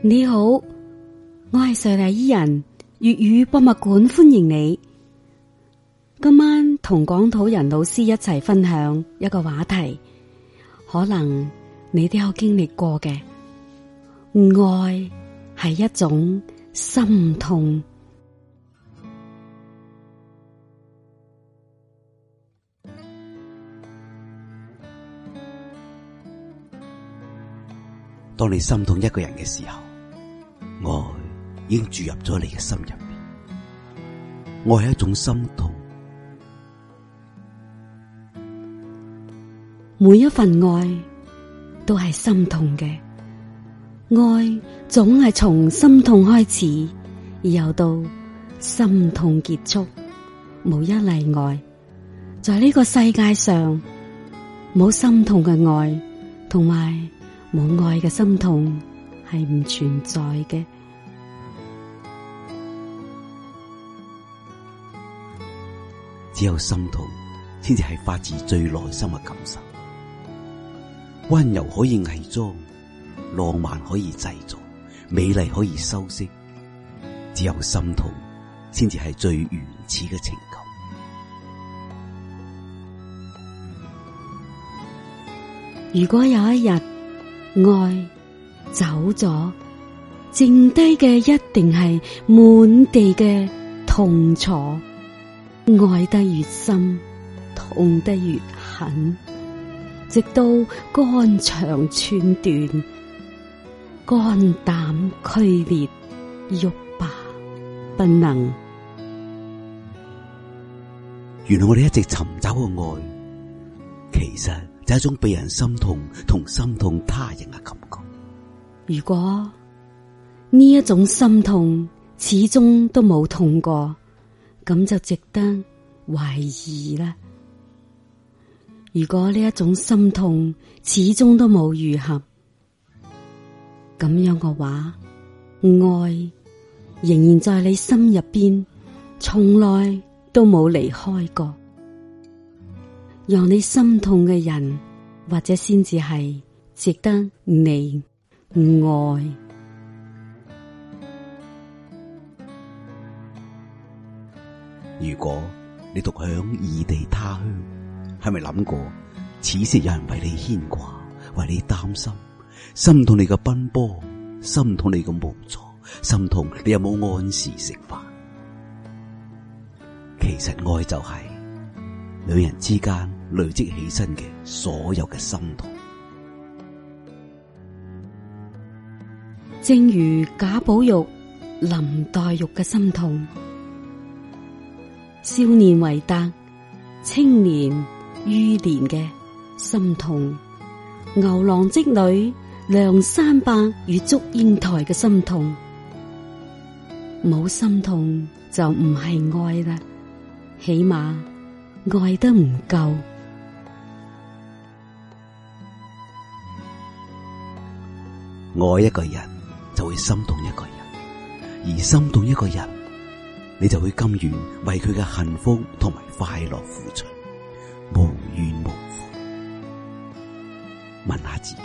你好，我係邵麗伊人粵語博物館歡迎你。今晚同廣土人老師一齊分享一個話題，可能你都有經歷過嘅，愛係一種心疼。當你心疼一個人嘅時候，已經注入咗你嘅心入邊，愛係一種心痛。每一份愛都係心痛嘅，愛總係從心痛開始，而又到心痛結束，無一例外。在呢個世界上，冇心痛嘅愛，同埋冇愛嘅心痛，係唔存在嘅。只有心痛，先至係發自最內心嘅感受。溫柔可以偽裝，浪漫可以製造，美麗可以修飾。只有心痛，先至係最原始嘅情感。如果有一日愛走咗，剩低嘅一定係滿地嘅痛楚。愛得越深，痛得越狠，直到肝腸寸斷、肝膽俱裂，欲罷不能。原來我哋一直尋找嘅愛，其實就係一種被人心痛同心痛他人嘅感覺。如果呢一種心痛，始終都冇痛過。咁就值得懷疑啦。如果呢一種心痛始終都冇愈合，咁樣嘅話，愛仍然在你心入邊，從來都冇離開過。讓你心痛嘅人，或者先至係值得你愛。如果你獨享異地他鄉，係咪諗過此時有人為你牽掛、為你擔心，心痛你嘅奔波，心痛你嘅無助，心痛你有冇按時食飯？其實愛就係、是、兩人之間累積起身嘅所有嘅心痛，正如賈寶玉、林黛玉嘅心痛。少年為達，青年于連嘅心痛，牛郎織女、梁山伯與祝英台嘅心痛，冇心痛就唔係愛啦，起碼愛得唔夠。愛一個人就會心痛一個人，而心痛一個人，你就去甘願為佢嘅幸福同埋快樂付出，無怨無悔。問下自己，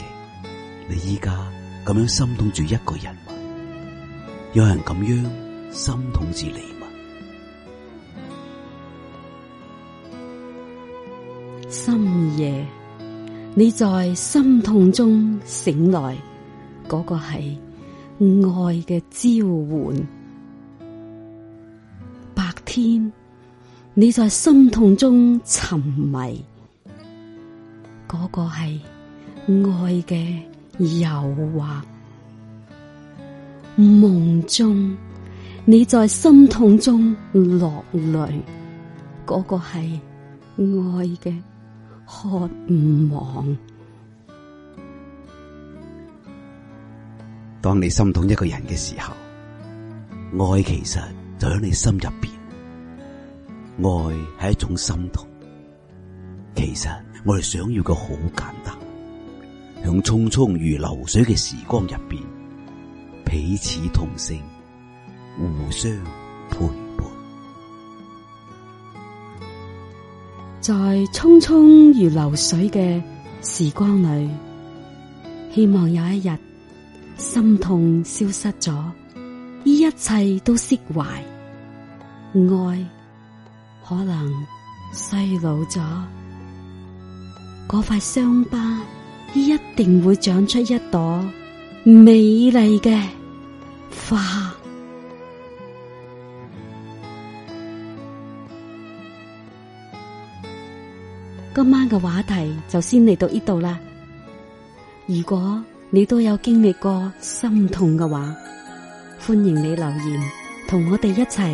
你依家咁樣心痛住一個人嗎？有人咁樣心痛住你嗎？深夜，你在心痛中醒來，嗰個係愛嘅召喚。天，你在心痛中沉迷，嗰個係愛嘅誘惑；夢中，你在心痛中落淚，嗰個係愛嘅渴望。當你心痛一個人嘅時候，愛其實就響你心入邊。愛係一種心痛，其實我哋想要嘅好簡單，響匆匆如流水嘅時光入邊，彼此同聲，互相陪伴。在匆匆如流水嘅時光裏，希望有一日，心痛消失咗，呢一切都釋懷，愛。可能衰老咗，嗰塊傷疤一定會長出一朵美麗嘅花。今晚嘅話題就先嚟到呢度啦。如果你都有經歷過心痛嘅話，歡迎你留言，同我哋一齊。